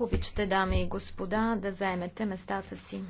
Обичате, дами и господа, да заемете местата си.